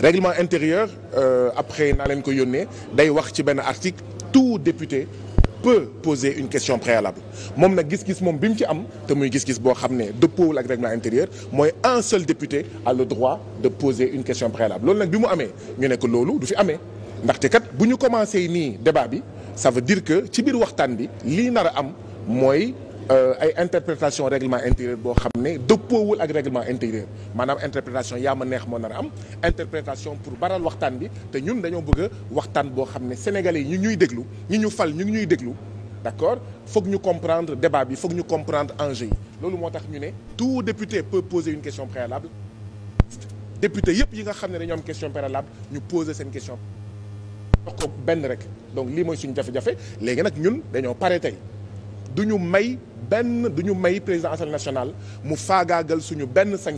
règlement intérieur euh, après naa leen ko yónnee day wax ci benn article tout député peut poser une question préalable moom na gis-gis moom bi mu ci am te muy gis-gis boo xam ne dëppoowul ak règlement intérieur mooy un seul député a le droit de poser une question préalable loolu nag bi mu amee ñu ne ko loolu du fi amee ndaxte kat bu ñu commencé nii débat bi ça veut dire que ci biir waxtaan bi lii nar a am mooy Euh, ay interprétation règlement intérieur boo xam ne dëppoowul ak règlement intérieur maanaam interprétation yaa ma neex moo na a am interprétation pour baral waxtaan bi te ñun dañoo bëgg a waxtaan boo xam ne sénégalais yi ñu ñuy déglu ñu ñu fal ñu ngi ñuy déglu d'accord foog ñu comprendre débat bi foog ñu comprendre enjeu yi loolu moo tax ñu ne tout député peut poser une question préalable député yëpp yi nga xam ne dañoo am question préalable ñu poser seen question jox benn rek donc lii mooy suñu jafe léegi nag ñun dañoo pare tey du ñu may benn du ñu may président assemblée nationale mu faagaagal suñu benn sañ